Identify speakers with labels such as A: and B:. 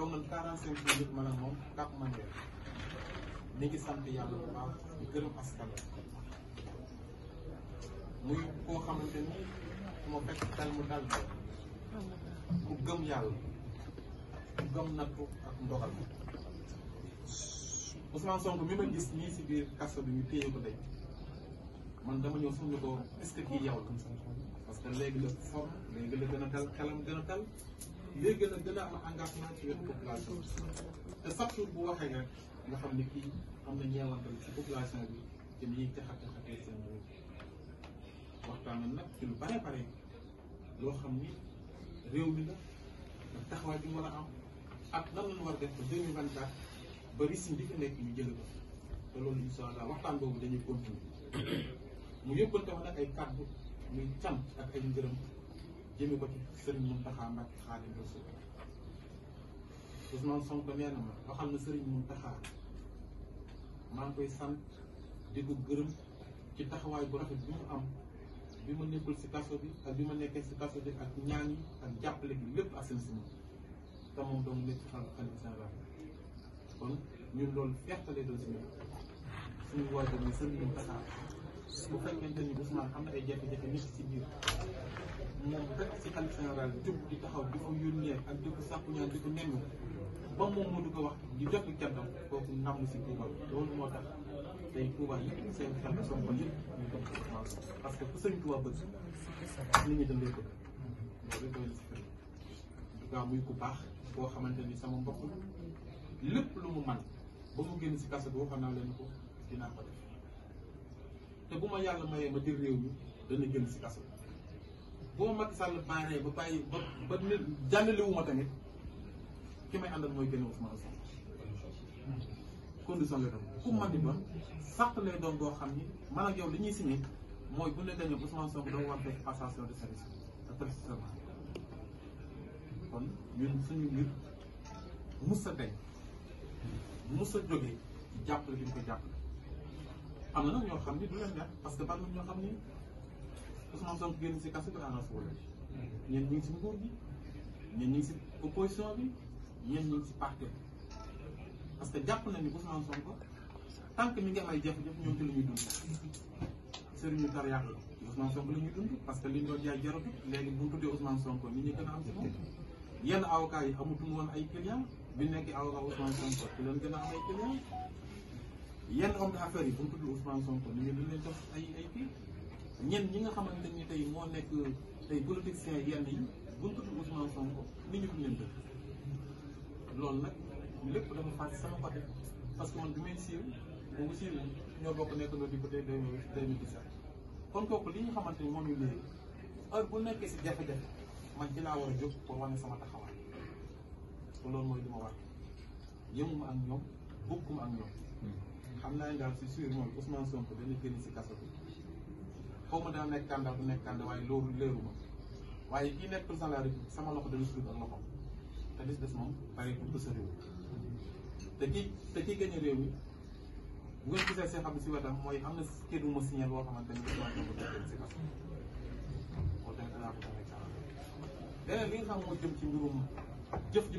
A: toog nañ quarante cinq minutes man ak moom Cap Manuel ñu ngi sant yàlla bu baax di koo xamante ni ma fekk xel mu dal ku gëm yàlla ku gëm nattu ak ndogal Ousmane Sonko mi ma gis nii si biir kaso bi ñu ko tey man dama ñëw suñu ko est-ce que kii parce que léegi la forme léegi la gën a xelam gën a léegi nag dana am engagement ci wetu population te chaque jour bu waxee nga xam ne kii am na ñeewantal ci population bi te ni ñuy tax a tax a tey seen waxtaan nag ci lu bare bare loo xam ni réew mi la ak taxawaay bi war a am ak nan la ñu war def ba deux mille vingt quatre ba risque bi fi nekk ñu jëlee ko te loolu incha waxtaan boobu dañuy continuer mu yëppante wax nag ay kàddu muy cant ak ay ngërëm. jëme ko ci Serigne Mountakha Mbacké Xaadimu Rasuul Ousmane Sonko nee na ma waxal na Serigne Mountakha maa ngi koy sant di ko gërëm ci taxawaay bu rafet bi mu am bi ma nekkul si kaso bi ak bi ma nekkee si kaso bi ak ñaan yi jàppale bi lépp ak seen sunu te moom kon ñun loolu feextale doon suñu suñu waajur ni Serigne Mountakha bu fekkente ni Ousmane am na ay jafe-jafe nekk si biir moom kan, rek si xalif général jub di taxaw di ko yónnee ak di ko sàkku ñaan di ko nennu ba moom mu di ko wax ñu jot di jàddam kooku namm si Touba loolu moo tax tey Touba yëpp seen xel soo ko yëpp ñu dem ko parce que ku sëñ Touba bëgg li ñu dem ko loolu rek doon si kër Touba muy ku baax boo xamante ni sama mbokk lépp lu mu man ba mu génn si kasa bi waxoon naa leen ko dinaa ko def te bu ma yàlla mayee ma jël réew mi dana génn si kasa boo Macky Sall baaree ba bàyyi ba ba ne jàllale wu ma tamit ki may àndal mooy génn Ousmane Sonko condition la tam ku man di doon sàrt lay doon boo xam ni man ak yow li ñuy signé mooy bu ne dañoo Ousmane Sonko dafa war def passation de service kon ñun suñu mbir mus a tey mus a jógee jàppale li ñu ko jàppale am na nag ñoo xam ni du leen neex parce que bari ñoo xam ni Ousmane Sonko génn si kaso bi ànd ak problème ñenn ñu ngi si nguur gi ñenn ñu ngi si opposition bi ñenn ñu ngi si parti bi parce que jàpp na ni Ousmane Sonko tant que mi ngi am ay jafe-jafe ñoom ci la ñuy dund sëriñu dara yàq la Ousmane Sonko la ñuy dund parce que li ñu doon jaay jaratu léegi bu ñu tuddee Ousmane Sonko nit ñi gën am si moom yenn avocats yi amutuñu woon ay clients bi nekk avocat Ousmane Sonko ci leen gën am ay clients yenn homme d'affaires yi bu ñu Ousmane Sonko nit ñi dañ leen jox ay ay kii ñen ñi nga xamante ni tey moo nekk tey politiciens yenn yi buñ ko tudd Ousmane loolu nag lépp dafa fàtte sama côté parce que man bi may siiw ñoo bokk nekk na di côté deux mille li ñu xamante ni moom ñu léegi heure bu jafe-jafe man ci laa war a jóg pour wane sama taxawaay loolu mooy li ma war yëmuma ak ñoom bokkuma ak ñoom hmm. xam naa daal si sûr moom Ousmane Sonko dana génn si kaso bi xaw ma dana nekk candidat du nekk candidat waaye loolu leeru ma waaye kii nekk président de la république sama loxo dana suuf ak loxoom te des des moom pare pour bës a réew te kii te kii gagné réew mi bu ngeen gisee seen xam si wetam mooy am na kédu ma signal boo xamante ne bii dañu ko doon danaa ko doon rek beneen li nga xam moo jëm ci mbirum jëf ji